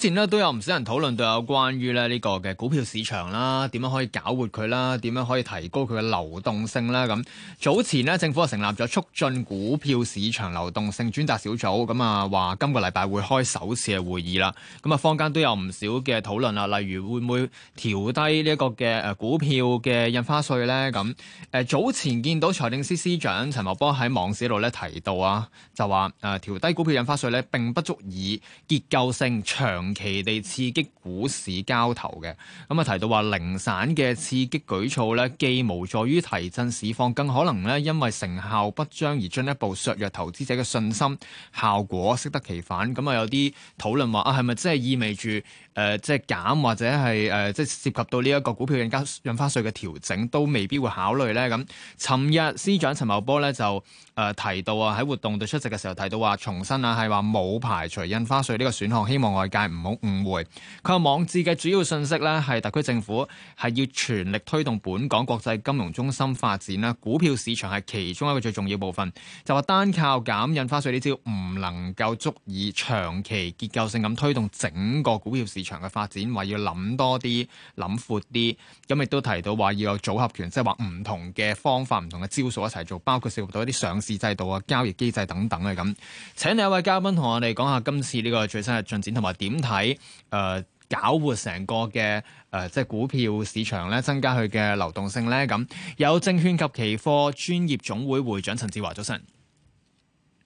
之前咧都有唔少人討論到有關於咧呢個嘅股票市場啦，點樣可以搞活佢啦？點樣可以提高佢嘅流動性啦。咁早前咧政府啊成立咗促進股票市場流動性專責小組，咁啊話今個禮拜會開首次嘅會議啦。咁啊，坊間都有唔少嘅討論啊，例如會唔會調低呢一個嘅誒股票嘅印花稅呢？咁誒早前見到財政司司長陳茂波喺網誌度咧提到啊，就話誒調低股票印花稅咧並不足以結構性長。其地刺激股市交投嘅，咁啊提到話零散嘅刺激舉措咧，既無助於提振市況，更可能咧因為成效不彰而進一步削弱投資者嘅信心，效果適得其反。咁啊有啲討論話啊，係咪真係意味住？誒、呃、即係減或者係誒、呃、即係涉及到呢一個股票印花印花稅嘅調整，都未必會考慮呢。咁，尋日司長陳茂波呢就誒、呃、提到啊，喺活動度出席嘅時候提到話，重申啊係話冇排除印花稅呢個選項，希望外界唔好誤會。佢話網誌嘅主要信息呢係特區政府係要全力推動本港國際金融中心發展啦，股票市場係其中一個最重要部分。就話單靠減印花稅呢招唔能夠足以長期結構性咁推動整個股票市場。市場嘅發展，話要諗多啲，諗闊啲，咁亦都提到話要有組合拳，即係話唔同嘅方法、唔同嘅招數一齊做，包括涉及到一啲上市制度啊、交易機制等等嘅咁。請兩位嘉賓同我哋講下今次呢個最新嘅進展，同埋點睇誒，搞、呃、活成個嘅誒、呃，即係股票市場咧，增加佢嘅流動性咧。咁有證券及期貨專業總會會長陳志華，早晨。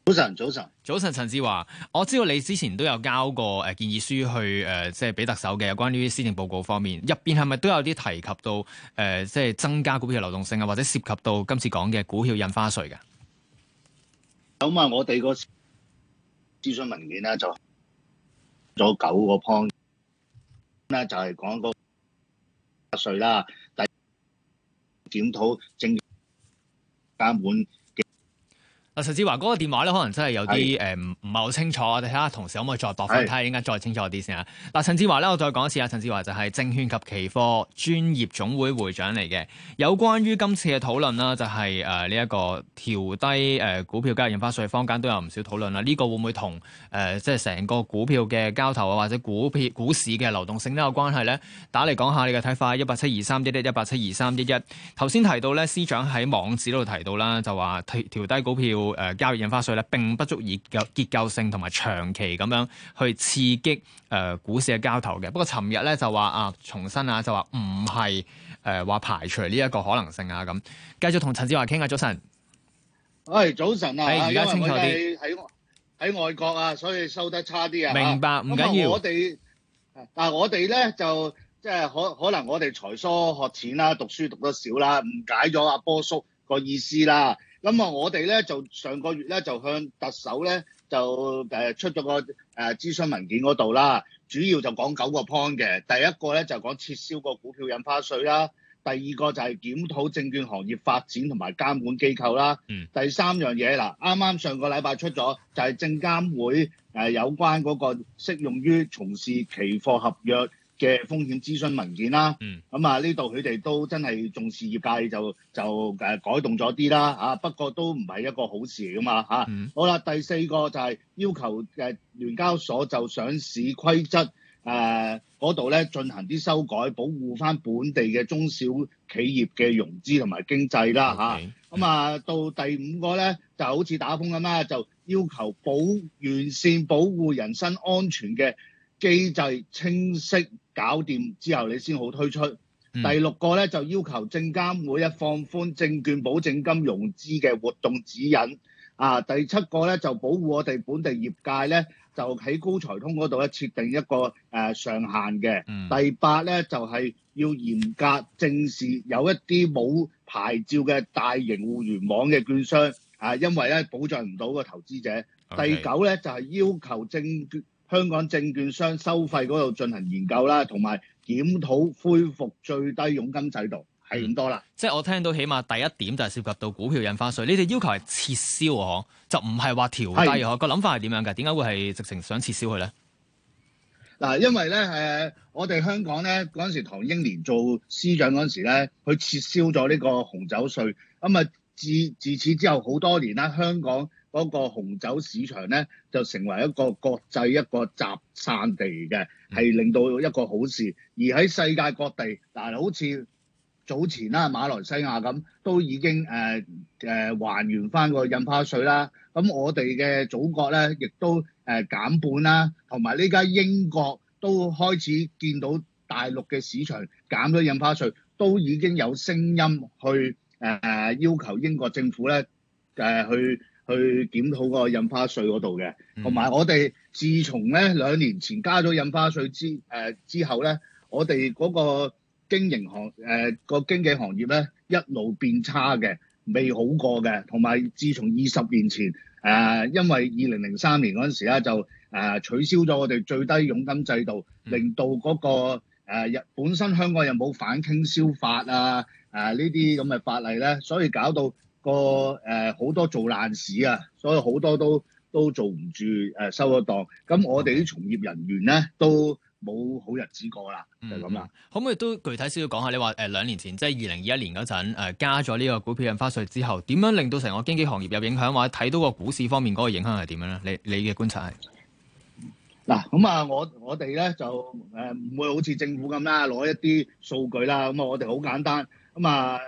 早晨，早晨，早晨，陳志華，我知道你之前都有交過誒建議書去誒、呃，即係俾特首嘅，關於施政報告方面，入邊係咪都有啲提及到誒、呃，即係增加股票流動性啊，或者涉及到今次講嘅股票印花稅嘅？咁、嗯、啊，我哋個諮詢文件咧就咗九個 point 咧，就係、是、講個稅啦，第檢討正加滿。嗱，陳志華嗰個電話咧，可能真係有啲誒唔唔係好清楚，我哋睇下同事可唔可以再度翻睇下應該再清楚啲先啊！嗱，陳志華咧，我再講一次啊，陳志華就係證券及期貨專業總會會長嚟嘅。有關於今次嘅討論啦，就係誒呢一個調低誒、呃、股票交易印花稅坊間都有唔少討論啦。呢個會唔會同誒即係成個股票嘅交投啊，或者股票股市嘅流動性都有關係咧？打嚟講下你嘅睇法，一八七二三一一一八七二三一一。頭先提到咧，司長喺網址度提到啦，就話調調低股票，誒、呃，交易印花稅咧，並不足以有結構性同埋長期咁樣去刺激誒、呃、股市嘅交投嘅。不過呢，尋日咧就話啊，重新啊，就話唔係誒，話、呃、排除呢一個可能性啊。咁繼續同陳志華傾啊，早晨。喂，早晨啊，我而家清楚啲喺喺外國啊，所以收得差啲啊。明白，唔緊要。我哋嗱，但我哋咧就即係可可能我哋才疏學淺啦，讀書讀得少啦，誤解咗阿波叔個意思啦。咁啊，我哋咧就上個月咧就向特首咧就誒出咗個誒諮詢文件嗰度啦，主要就講九個 point 嘅，第一個咧就講撤銷個股票印花稅啦，第二個就係檢討證券行業發展同埋監管機構啦，第三樣嘢嗱，啱啱上個禮拜出咗就係證監會誒有關嗰個適用於從事期貨合約嘅風險諮詢文件啦，咁、嗯、啊呢度佢哋都真係重視業界就就，就、啊、改動咗啲啦、啊、不過都唔係一個好事㗎嘛、啊嗯、好啦，第四個就係要求誒、呃、聯交所就上市規則嗰度咧進行啲修改，保護翻本地嘅中小企業嘅融資同埋經濟啦嚇。咁、嗯、啊、嗯、啊到第五個咧就好似打風咁啦，就要求保完善保護人身安全嘅機制清晰。搞掂之後，你先好推出。嗯、第六個咧就要求證監會一放寬證券保證金融資嘅活動指引。啊，第七個咧就保護我哋本地業界咧，就喺高才通嗰度咧設定一個、呃、上限嘅、嗯。第八咧就係、是、要嚴格正視有一啲冇牌照嘅大型互聯網嘅券商，啊，因為咧保障唔到個投資者。Okay. 第九咧就係、是、要求證券。香港證券商收費嗰度進行研究啦，同埋檢討恢復最低佣金制度，係咁多啦、嗯。即係我聽到起碼第一點就係涉及到股票印花稅，你哋要求係撤銷啊！嗬，就唔係話調低嗬？那個諗法係點樣嘅？點解會係直情想撤銷佢咧？嗱，因為咧，誒，我哋香港咧嗰陣時，唐英年做司長嗰陣時咧，佢撤銷咗呢個紅酒稅，咁啊自自此之後好多年啦，香港。嗰、那個紅酒市場咧就成為一個國際一個集散地嘅，係令到一個好事。而喺世界各地，嗱好似早前啦、啊，馬來西亞咁，都已經誒、啊、還原返個印花稅啦。咁我哋嘅祖國咧，亦都誒減半啦。同埋而家英國都開始見到大陸嘅市場減咗印花稅，都已經有聲音去、啊、要求英國政府咧去。去檢討個印花稅嗰度嘅，同、嗯、埋我哋自從咧兩年前加咗印花稅之誒、呃、之後咧，我哋嗰個經營行誒個、呃、經紀行業咧一路變差嘅，未好過嘅。同埋自從二十年前誒、呃，因為二零零三年嗰陣時咧就誒、呃、取消咗我哋最低佣金制度，令到嗰、那個日、呃、本身香港又冇反傾銷法啊呢啲咁嘅法例咧，所以搞到，好、呃、好多做爛市啊，所以好多都都做唔住、呃、收咗檔。咁我哋啲從業人員咧都冇好日子過啦、嗯，就咁啦、嗯。可唔可以都具體少少講下？你話誒兩年前即係二零二一年嗰陣、呃、加咗呢個股票印花稅之後，點樣令到成個經紀行業有影響？或者睇到個股市方面嗰個影響係點樣咧？你你嘅觀察係嗱咁啊？我我哋咧就誒唔、呃、會好似政府咁啦，攞一啲數據啦。咁啊，我哋好簡單咁啊。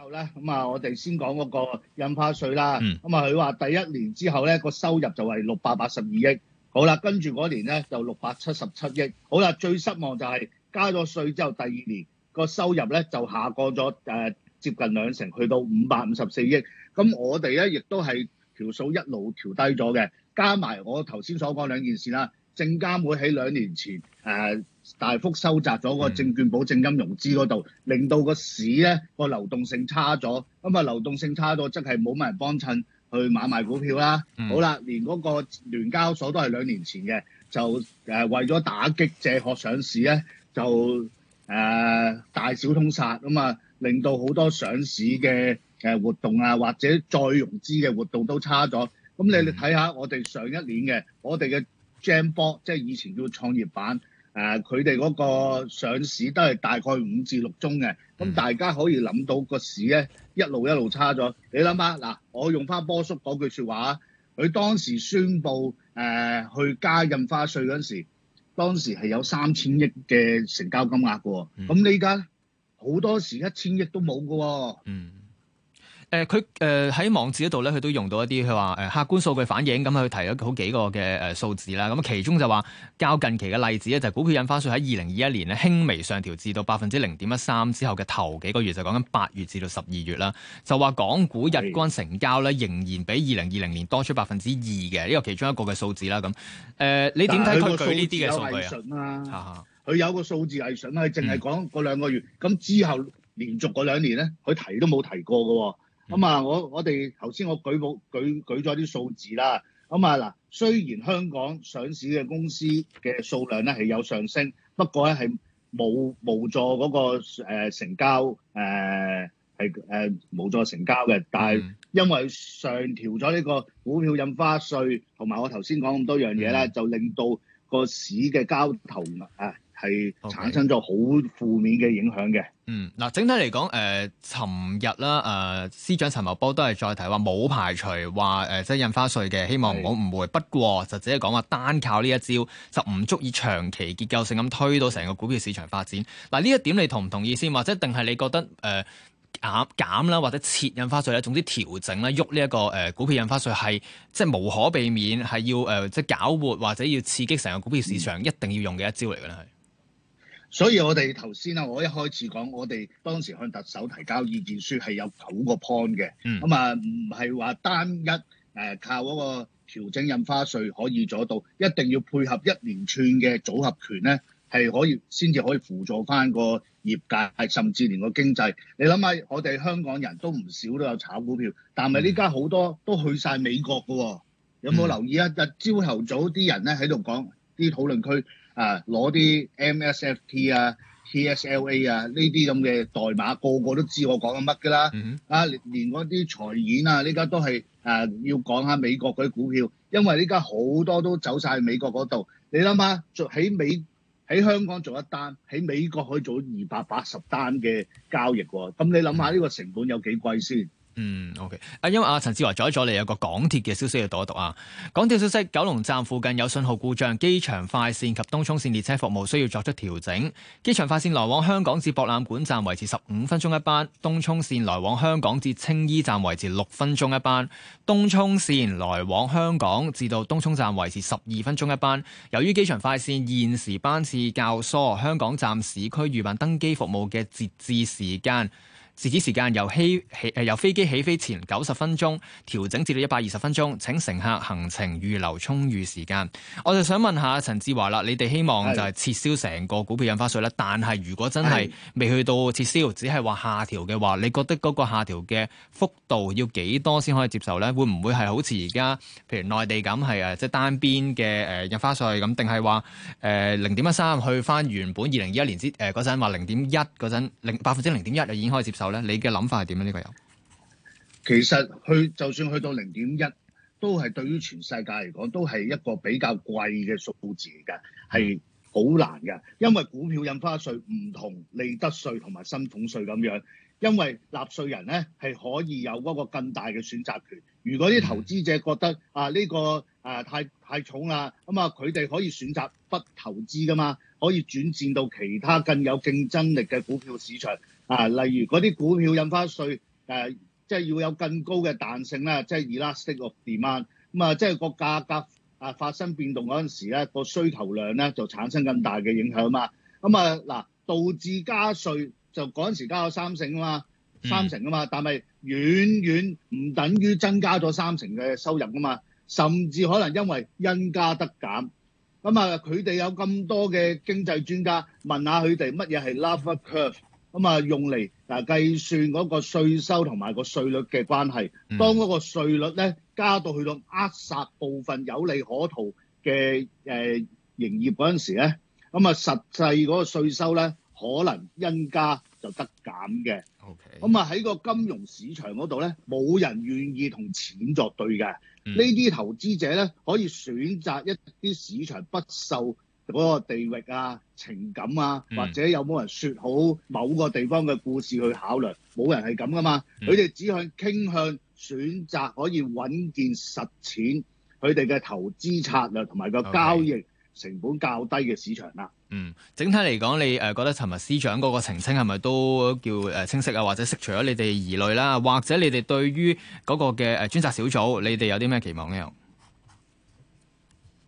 後、嗯、咧，咁、嗯、啊，我哋先講嗰個印花稅啦。咁啊，佢話第一年之後咧，個收入就係六百八十二億。好啦，跟住嗰年咧就六百七十七億。好啦，最失望就係加咗稅之後，第二年個收入咧就下降咗誒、呃，接近兩成，去到五百五十四億。咁、嗯、我哋咧亦都係條數一路調低咗嘅，加埋我頭先所講兩件事啦。證監會喺兩年前誒。呃大幅收窄咗個證券保證金融資嗰度，令到個市咧個流動性差咗，咁啊流動性差咗，即係冇乜人幫襯去買賣股票啦、嗯。好啦，連嗰個聯交所都係兩年前嘅，就誒、呃、為咗打擊借殼上市咧，就、呃、大小通殺咁啊，令到好多上市嘅誒活動啊，或者再融資嘅活動都差咗。咁、嗯、你你睇下我哋上一年嘅，我哋嘅 GEM board 即係以前叫創業板。誒佢哋嗰個上市都係大概五至六宗嘅，咁、嗯、大家可以諗到個市咧一路一路差咗。你諗下嗱，我用翻波叔講句説話，佢當時宣布誒、呃、去加印花稅嗰陣時，當時係有三千億嘅成交金額嘅喎，咁、嗯、你依家好多時一千億都冇嘅喎。嗯誒、呃，佢誒喺網誌嗰度咧，佢都用到一啲佢話誒客觀數據反映，咁佢提咗好幾個嘅誒數字啦。咁其中就話，較近期嘅例子咧，就係、是、股票印花稅喺二零二一年咧輕微上調至到百分之零點一三之後嘅頭幾個月，就講緊八月至到十二月啦。就話港股日均成交咧仍然比二零二零年多出百分之二嘅，呢個其中一個嘅數字啦。咁誒、呃，你點睇佢呢啲嘅數據啊？吓 佢有個數字係準，佢淨係講嗰兩個月，咁、嗯、之後連續嗰兩年咧，佢提都冇提過嘅、哦。咁啊！我我哋頭先我舉部舉舉咗啲數字啦。咁啊，嗱，雖然香港上市嘅公司嘅數量咧係有上升，不過咧係冇冇助嗰個誒成交誒係誒冇助成交嘅。但係因為上調咗呢個股票印花稅，同埋我頭先講咁多樣嘢咧，就令到個市嘅交投啊～係產生咗好負面嘅影響嘅。Okay. 嗯，嗱，整體嚟講，誒、呃，尋日啦，誒、呃，司長陳茂波都係再提話，冇排除話誒、呃，即係印花稅嘅，希望唔好誤會。不過，就只係講話，單靠呢一招就唔足以長期結構性咁推到成個股票市場發展。嗱、呃，呢一點你同唔同意先？或者，定係你覺得誒減減啦，或者撤印花稅咧，總之調整咧，喐呢一個誒、呃、股票印花稅係即係無可避免，係要誒、呃、即係搞活或者要刺激成個股票市場，一定要用嘅一招嚟嘅。啦、嗯，係。所以我哋頭先啊，我一開始講，我哋當時向特首提交意見書係有九個 point 嘅，咁啊唔係話單一誒靠嗰個調整印花稅可以做到，一定要配合一連串嘅組合拳咧，係可以先至可以輔助返個業界，係甚至連個經濟。你諗下，我哋香港人都唔少都有炒股票，但係呢家好多都去晒美國㗎喎，有冇留意啊？日朝頭早啲人咧喺度講啲討論區。啊！攞啲 MSFT 啊、TSLA 啊呢啲咁嘅代碼，個個都知我講緊乜㗎啦！啊，連嗰啲財演啊，呢家都係誒要講下美國嗰啲股票，因為呢家好多都走晒美國嗰度。你諗下，做喺美喺香港做一單，喺美國可以做二百八十單嘅交易喎，哦。咁你諗下呢個成本有幾貴先？嗯，OK。啊，因為阿、啊、陳志華再咗嚟有個港鐵嘅消息要讀一讀啊。港鐵消息，九龍站附近有信號故障，機場快線及東涌線列車服務需要作出調整。機場快線來往香港至博覽館站維持十五分鐘一班，東涌線來往香港至青衣站維持六分鐘一班，東涌線來往香港至到東涌站維持十二分鐘一班。由於機場快線現時班次較疏，香港站市區預辦登機服務嘅節制時間。截止時間由起起誒由飛機起飛前九十分鐘調整至到一百二十分鐘，請乘客行程預留充裕時間。我就想問下陳志華啦，你哋希望就係撤銷成個股票印花稅啦，但係如果真係未去到撤銷，只係話下調嘅話，你覺得嗰個下調嘅幅度要幾多先可以接受呢？會唔會係好似而家譬如內地咁係啊，即係單邊嘅誒印花稅咁？定係話誒零點一三去翻原本二零二一年之誒嗰陣話零點一嗰陣零百分之零點一又已經可以接受？你嘅諗法係點咧？呢個又其實去就算去到零點一，都係對於全世界嚟講，都係一個比較貴嘅數字嚟噶，係好難噶。因為股票印花稅唔同利得稅同埋薪俸稅咁樣，因為納稅人呢，係可以有嗰個更大嘅選擇權。如果啲投資者覺得、嗯、啊呢、呢個啊太太重啦，咁啊佢哋可以選擇不投資噶嘛，可以轉戰到其他更有競爭力嘅股票市場。啊，例如嗰啲股票印花稅，誒，即係要有更高嘅彈性啦，即係 elasticity of demand。咁啊，即係個價格啊發生變動嗰陣時咧，個需求量咧就產生更大嘅影響嘛。咁啊，嗱，導致加稅就嗰陣時加咗三成啊嘛，三成啊嘛，但係遠遠唔等於增加咗三成嘅收入噶嘛，甚至可能因為因加得減。咁啊，佢哋有咁多嘅經濟專家，問下佢哋乜嘢係 Laffer curve。咁啊，用嚟嗱計算嗰個稅收同埋個稅率嘅關係，當嗰個稅率咧加到去到扼殺部分有利可圖嘅誒營業嗰陣時咧，咁啊實際嗰個稅收咧可能因加就得減嘅。O K。咁啊喺個金融市場嗰度咧，冇人願意同錢作對嘅。呢啲投資者咧可以選擇一啲市場不受。嗰、那個地域啊、情感啊，嗯、或者有冇人説好某個地方嘅故事去考慮，冇人係咁噶嘛。佢、嗯、哋只向傾向選擇可以穩健實踐佢哋嘅投資策略同埋個交易成本較低嘅市場啦、啊。嗯，整體嚟講，你誒覺得尋日司長嗰個澄清係咪都叫誒清晰啊？或者釋除咗你哋疑慮啦，或者你哋對於嗰個嘅誒專責小組，你哋有啲咩期望呢？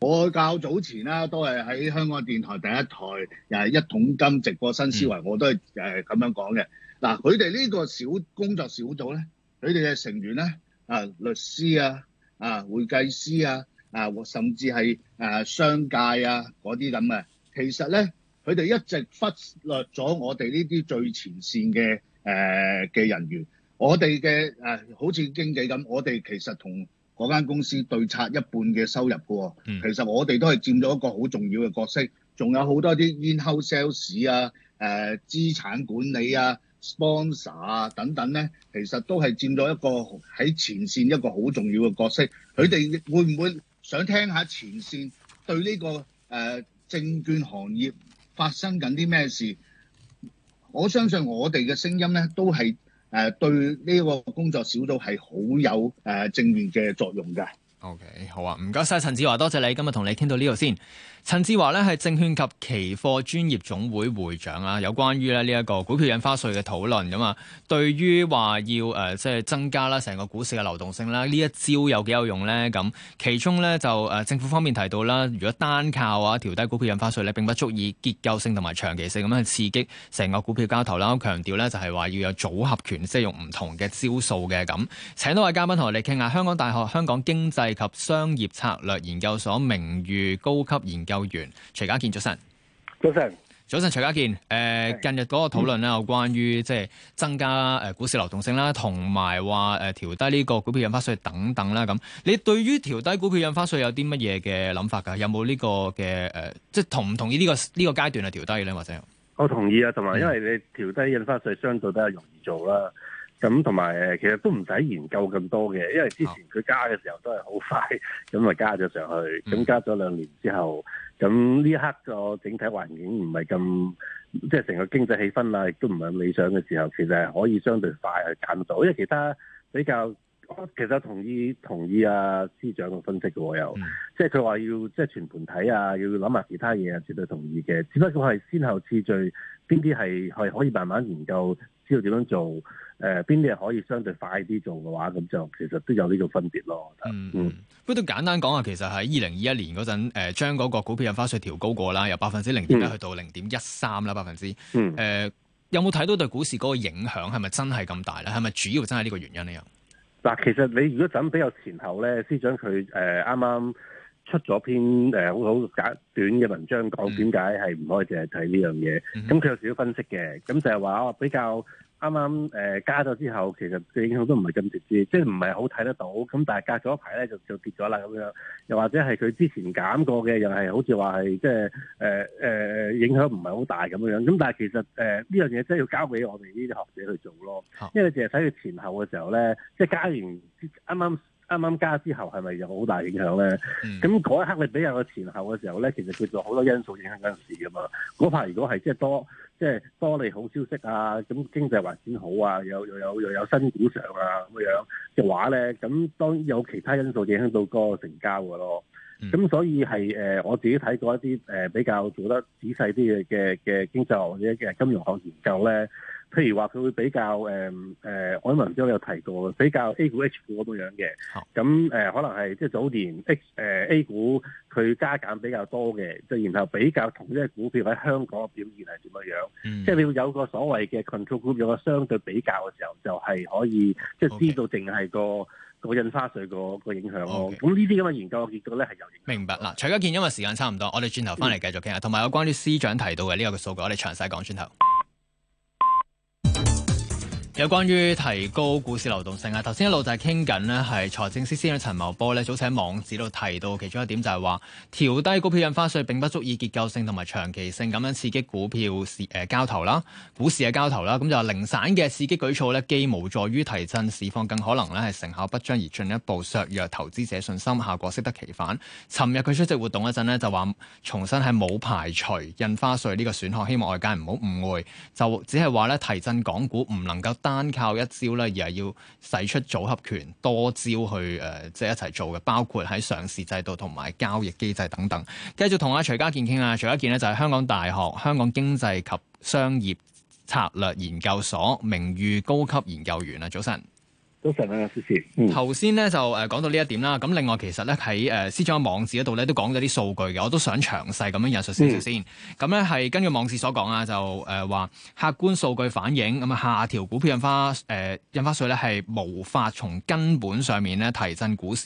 我較早前啦，都係喺香港電台第一台，又一桶金直播新思維，我都係誒咁樣講嘅。嗱，佢哋呢個小工作小組咧，佢哋嘅成員咧，啊，律師啊，啊，會計師啊，啊，甚至係誒商界啊嗰啲咁嘅，其實咧，佢哋一直忽略咗我哋呢啲最前線嘅誒嘅人員。我哋嘅誒，好似經紀咁，我哋其實同。嗰間公司對策一半嘅收入嘅喎、哦嗯，其實我哋都係佔咗一個好重要嘅角色，仲有好多啲 in-house sales 啊、誒、呃、資產管理啊、sponsor 啊等等咧，其實都係佔咗一個喺前線一個好重要嘅角色。佢哋會唔會想聽下前線對呢、這個誒、呃、證券行業發生緊啲咩事？我相信我哋嘅聲音咧，都係。誒、呃、對呢個工作小組係好有誒、呃、正面嘅作用嘅。OK，好啊，唔該晒陳志華，多謝你今日同你傾到呢度先。陳志華咧係證券及期貨專業總會會長啊，有關於咧呢一個股票印花稅嘅討論咁啊，對於話要誒即係增加啦成個股市嘅流動性啦，呢一招有幾有用呢？咁其中咧就誒政府方面提到啦，如果單靠啊調低股票印花稅咧，並不足以結構性同埋長期性咁去刺激成個股票交投啦。強調咧就係話要有組合權，即係用唔同嘅招數嘅咁。請多位嘉賓同我哋傾下香港大學香港經濟及商業策略研究所名譽高級研究。研究員徐家健，早晨，早晨，早晨徐家健。誒、呃，近日嗰個討論咧，有關於即係增加誒股市流動性啦，同埋話誒調低呢個股票印花稅等等啦。咁，你對於調低股票印花稅有啲乜嘢嘅諗法㗎？有冇呢個嘅誒、呃，即係同唔同意、這個這個、階段調低呢個呢個階段係調低咧？或者我同意啊，同埋因為你調低印花稅相對比較容易做啦。嗯咁同埋誒，其實都唔使研究咁多嘅，因為之前佢加嘅時候都係好快，咁、oh. 啊加咗上去，咁、mm. 加咗兩年之後，咁呢一刻個整體環境唔係咁，即係成個經濟氣氛啊，亦都唔係咁理想嘅時候，其實係可以相對快去減到，因為其他比較，其實同意同意啊司長嘅分析嘅喎，我又即係佢話要即係、就是、全盤睇啊，要諗下其他嘢啊，絕對同意嘅，只不過係先後次序邊啲係係可以慢慢研究。要點樣做？誒，邊啲係可以相對快啲做嘅話，咁就其實都有呢個分別咯。嗯，不、嗯、過都簡單講下，其實喺二零二一年嗰陣，誒、呃，將嗰個股票印花稅調高過啦，由百分之零點一去到零點一三啦，百分之。嗯。誒、呃，有冇睇到對股市嗰個影響係咪真係咁大咧？係咪主要真係呢個原因咧？又嗱，其實你如果想比較前後咧，司長佢誒啱啱。呃剛剛出咗篇誒好好簡短嘅文章，講點解係唔可以淨係睇呢樣嘢。咁佢有少少分析嘅，咁就係話比較啱啱誒加咗之後，其實影響都唔係咁直接，即係唔係好睇得到。咁但係隔咗一排咧，就就跌咗啦咁樣。又或者係佢之前減過嘅，又係好似話係即係誒誒影響唔係好大咁樣。咁但係其實誒呢樣嘢真係要交俾我哋呢啲學者去做咯，因為你淨係睇佢前後嘅時候咧，即係加完啱啱。剛剛啱啱加之後係咪有好大影響咧？咁、嗯、嗰一刻你比較個前後嘅時候咧，其實佢做好多因素影響嗰陣時噶嘛。嗰排如果係即係多即係、就是、多利好消息啊，咁經濟環境好啊，又又又又有新股上啊咁樣嘅話咧，咁當然有其他因素影響到嗰個成交噶咯。咁、嗯、所以係誒、呃，我自己睇過一啲誒、呃、比較做得仔細啲嘅嘅嘅經濟學或者嘅金融學研究咧。譬如話佢會比較誒誒、嗯嗯，我啲文章有提過比較 A 股、H 股咁樣嘅。咁、oh. 誒、呃，可能係即係早年 H,、呃、A 股佢加減比較多嘅，就然後比較同一個股票喺香港嘅表現係點樣？Mm. 即係你要有個所謂嘅 control group，有個相對比較嘅時候，就係、是、可以即係知道淨係個、okay. 個印花稅個影響咯。咁呢啲咁嘅研究嘅結果咧，係有影響。明白啦，徐家健，因為時間差唔多，我哋轉頭翻嚟繼續傾下，同、嗯、埋有關於司長提到嘅呢個數據，我哋詳細講轉頭。有關於提高股市流動性啊！頭先一路就係傾緊呢，係財政司司長陳茂波呢早前喺網址度提到其中一點就係話，調低股票印花稅並不足以結構性同埋長期性咁樣刺激股票市誒交投啦，股市嘅交投啦。咁、嗯、就零散嘅刺激舉措呢既無助於提振市況，更可能呢係成效不彰而進一步削弱投資者信心，效果適得其反。尋日佢出席活動嗰陣呢，就話重新係冇排除印花稅呢個選項，希望外界唔好誤會，就只係話呢提振港股唔能夠，單靠一招咧，而係要使出組合拳，多招去誒，即係一齊做嘅，包括喺上市制度同埋交易機制等等。繼續同阿徐家健傾啊，徐家健呢，就係香港大學香港經濟及商業策略研究所名譽高級研究員啦，早晨。都成日有消息。頭先咧就誒講到呢一點啦。咁另外其實咧喺誒司長嘅網址嗰度咧都講咗啲數據嘅，我都想詳細咁樣引述少少先。咁咧係根據網址所講啊，就誒話客觀數據反映咁啊，下調股票印花誒印花稅咧係無法從根本上面咧提振股市。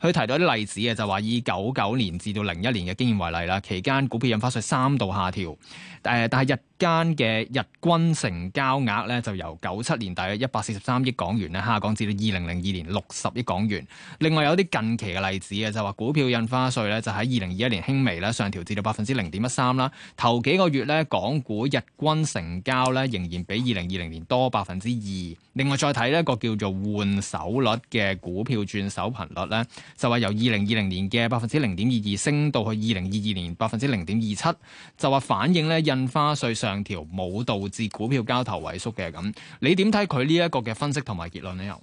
佢提到啲例子啊，就話以九九年至到零一年嘅經驗為例啦，期間股票印花稅三度下調，誒但係日間嘅日均成交額咧就由九七年大約一百四十三億港元咧下降。至到二零零二年六十億港元。另外有啲近期嘅例子啊，就話股票印花稅咧，就喺二零二一年輕微咧上調至到百分之零點一三啦。頭幾個月咧，港股日均成交咧仍然比二零二零年多百分之二。另外再睇呢個叫做換手率嘅股票轉手頻率咧，就話由二零二零年嘅百分之零點二二升到去二零二二年百分之零點二七，就話反映咧印花稅上調冇導致股票交投萎縮嘅咁。你點睇佢呢一個嘅分析同埋結論呢？又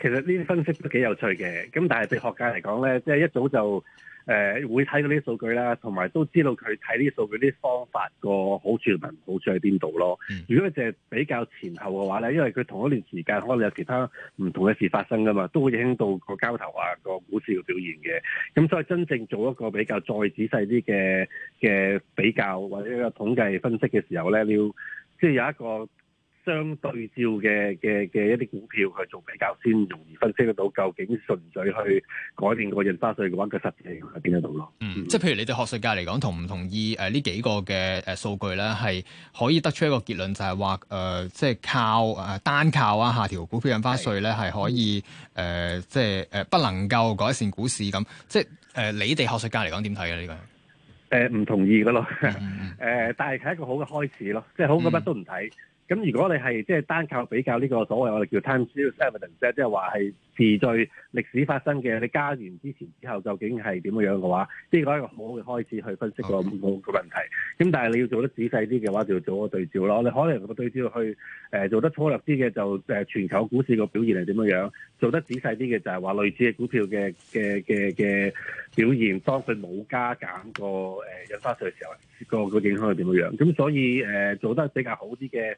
其實呢啲分析都幾有趣嘅，咁但係對學界嚟講咧，即、就、係、是、一早就誒、呃、會睇到呢啲數據啦，同埋都知道佢睇呢啲數據啲方法個好處同埋唔好處喺邊度咯、嗯。如果佢淨係比較前後嘅話咧，因為佢同一段時間可能有其他唔同嘅事發生㗎嘛，都會影響到個交投啊、個股市嘅表現嘅。咁所以真正做一個比較再仔細啲嘅嘅比較或者一個統計分析嘅時候咧，你要即係、就是、有一個。相對照嘅嘅嘅一啲股票去做比較，先容易分析得到究竟順序去改變個印花稅嘅話，佢實際係點樣到咯。嗯，即係譬如你哋學術界嚟講同唔同意誒呢幾個嘅誒數據咧，係可以得出一個結論就是，就係話誒，即係靠誒、呃、單靠啊下調股票印花稅咧，係可以誒、呃，即係誒、呃、不能夠改善股市咁。即係誒、呃，你哋學術界嚟講點睇嘅呢個？誒、呃、唔同意嘅咯。誒、嗯，但係係一個好嘅開始咯。即係好過乜都唔睇。咁如果你係，即係單靠比較呢個所謂我哋叫 time series evidence，即係話係。是在歷史發生嘅你加完之前之後究竟係點樣樣嘅話，即係講一個好嘅開始去分析個個個問題。咁但係你要做得仔細啲嘅話，就要做個對照咯。你可能個對照去誒做得粗略啲嘅就誒全球股市個表現係點樣樣，做得仔細啲嘅就係話類似嘅股票嘅嘅嘅嘅表現，當佢冇加減個誒印花稅嘅時候，個個影響係點樣樣。咁所以誒做得比較好啲嘅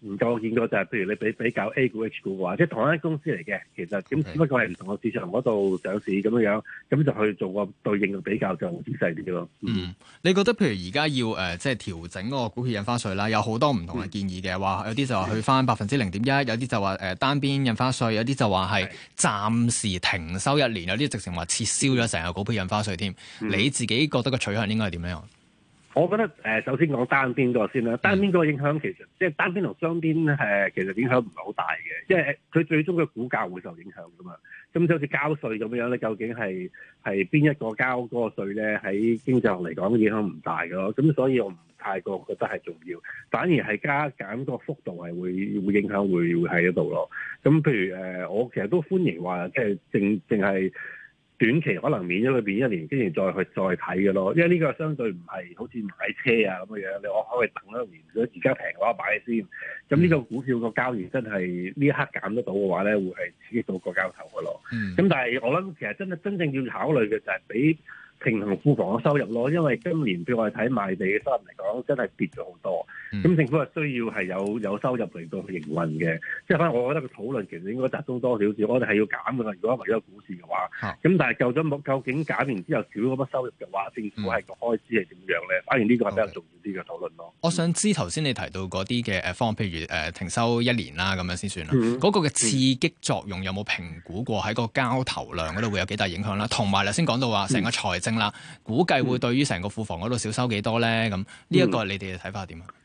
唔夠見過就係、是、譬如你比比較 A 股 H 股嘅話，即係同一間公司嚟嘅，其實。咁只不過係唔同嘅市場嗰度上市咁樣樣，咁就去做個對應嘅比較就仔細啲咯。嗯，你覺得譬如而家要誒即係調整個股票印花稅啦，有好多唔同嘅建議嘅話，有啲就話去返百分之零點一，有啲就話誒單邊印花稅，有啲就話係暫時停收一年，有啲直情話撤銷咗成個股票印花稅添。你自己覺得個取向應該係點樣？我覺得誒，首先講單邊嗰個先啦，單邊嗰個影響其實即係單邊同雙邊誒，其實影響唔係好大嘅，因為佢最終嘅股價會受影響㗎嘛。咁就好似交稅咁樣咧，究竟係係邊一個交嗰個稅呢？喺經濟學嚟講，影響唔大㗎咯。咁所以我唔太過覺得係重要，反而係加減個幅度係會會影響會會喺度咯。咁譬如誒，我其實都歡迎話即係淨淨係。短期可能免咗佢面一年，跟住再去再睇嘅咯。因為呢個相對唔係好似買車啊咁嘅樣，你我可以等一年。如果而家平嘅話，我買先。咁、嗯、呢個股票個交易真係呢一刻減得到嘅話咧，會係刺激到個交投嘅咯。咁、嗯、但係我諗其實真係真正要考慮嘅就係俾。平衡庫房嘅收入咯，因為今年對我哋睇賣地嘅收入嚟講，真係跌咗好多。咁、嗯、政府係需要係有有收入嚟到營運嘅，即係反正我覺得個討論其實應該集中多少少。我哋係要減㗎嘛？如果為咗個股市嘅話，咁、嗯、但係就咗究竟減完之後少咗筆收入嘅話，政府係個開支係點樣咧？反而呢個係比較重要啲嘅討論咯、okay. 嗯。我想知頭先你提到嗰啲嘅誒方案，譬如誒停收一年啦，咁樣先算啦。嗰、嗯那個嘅刺激作用有冇評估過喺個交投量嗰度會有幾大影響啦？同埋頭先講到話成個財。啦，估計會對於成個庫房嗰度少收幾多咧？咁呢一個你哋嘅睇法點啊？誒、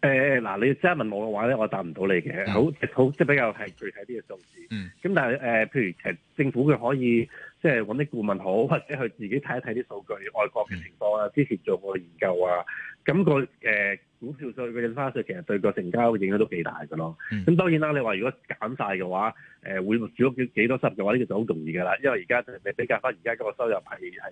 嗯、嗱、呃，你即係問我嘅話咧，我答唔到你嘅。好，好即係比較係具體啲嘅數字。嗯。咁但係誒、呃，譬如其實政府佢可以即係揾啲顧問好，或者去自己睇一睇啲數據，外國嘅情況啊、嗯，之前做過嘅研究啊。咁、那個誒股票稅、嘅、呃、印花稅，其實對個成交影響都幾大噶咯。咁、嗯、當然啦，你話如果減晒嘅話，誒、呃、會少幾多收入嘅話，呢、這個就好容易噶啦。因為而家就比較翻而家嗰個收入係係誒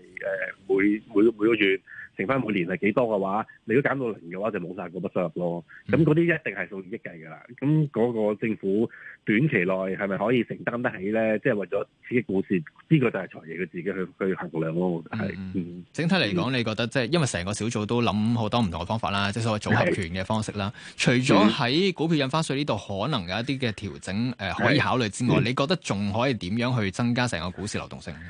每每每個月乘翻每年係幾多嘅話，你如果減到零嘅話，就冇晒嗰筆收入咯。咁嗰啲一定係數以億計噶啦。咁嗰個政府短期內係咪可以承擔得起咧？即、就、係、是、為咗刺激股市，呢個就係財爺佢自己去去衡量咯。係、嗯嗯。整體嚟講、嗯，你覺得即係因為成個小組都諗好多。唔同嘅方法啦，即係所謂組合拳嘅方式啦。除咗喺股票印花稅呢度可能有一啲嘅調整，誒可以考慮之外，你覺得仲可以點樣去增加成個股市流動性咧？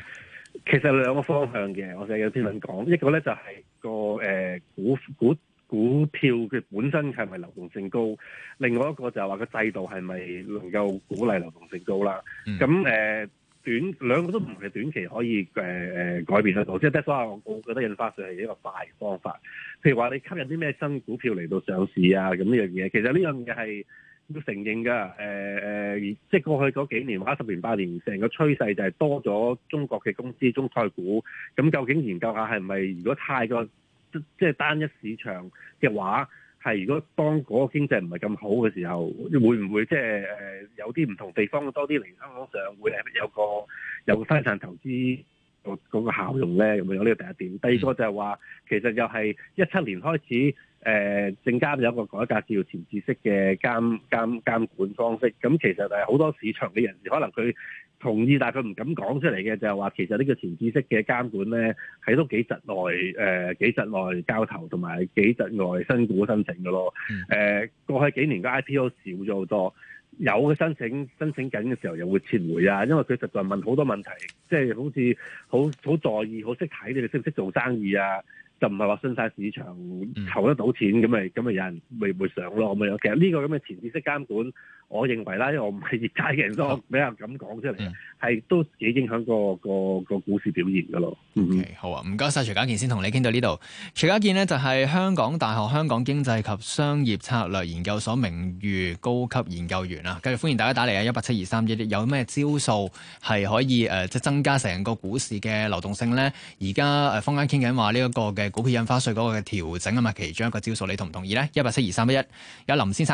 其實兩個方向嘅，我哋有啲文講，一個咧就係個誒、呃、股股股票嘅本身係咪流動性高，另外一個就係話個制度係咪能夠鼓勵流動性高啦。咁、嗯、誒。短兩個都唔係短期可以、呃、改變得到，即係得所。我我覺得印花稅係一個快方法。譬如話你吸引啲咩新股票嚟到上市啊，咁呢樣嘢其實呢樣嘢係要承認㗎、呃。即係過去嗰幾年或者十年八年成個趨勢就係多咗中國嘅公司中概股。咁究竟研究下係咪如果太過即係單一市場嘅話，係，如果當嗰個經濟唔係咁好嘅時候，會唔會即係誒有啲唔同地方多啲嚟香港上，會有個有個分散投資個嗰、嗰個效用咧？有冇有呢個第一點？第二個就係話，其實又係一七年開始誒，證監有一個改革叫做前置式嘅監監監管方式。咁其實係好多市場嘅人士可能佢。同意，但係佢唔敢講出嚟嘅就係話，其實呢個前置式嘅監管咧，喺都幾實內誒，幾實內交投同埋幾實內新股申請嘅咯。誒、嗯呃、過去幾年個 IPO 少咗好多，有嘅申請申請緊嘅時候又會撤回啊，因為佢實在問好多問題，即、就、係、是、好似好好在意，好識睇你哋識唔識做生意啊？就唔係話信晒市場，籌得到錢咁咪咁咪有人未會上咯咁樣。其實呢個咁嘅前置式監管。我認為啦，因為我唔係業界嘅人，所以我比較敢講出嚟，係、嗯、都幾影響個個個股市表現噶咯。嗯嗯 okay，好啊，唔該晒。徐家健，先同你傾到呢度。徐家健呢，就係、是、香港大學香港經濟及商業策略研究所名譽高級研究員啊。繼續歡迎大家打嚟啊！一八七二三一一有咩招數係可以誒、呃，即係增加成個股市嘅流動性呢？而家誒坊間傾緊話呢一個嘅股票印花稅嗰個嘅調整啊嘛，其中一個招數，你同唔同意呢？一八七二三一一，有林先生。